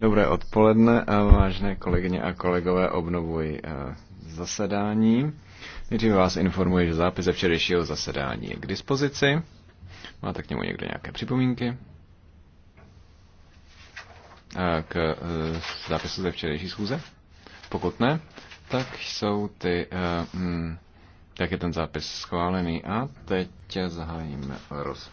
Dobré odpoledne, vážné kolegyně a kolegové, obnovuji eh, zasedání. Nejdříve vás informuji, že zápis ze včerejšího zasedání je k dispozici. Máte k němu někdo nějaké připomínky? K eh, zápisu ze včerejší schůze? Pokud ne, tak jsou ty, eh, hm, tak je ten zápis schválený a teď zahájíme rozpočet.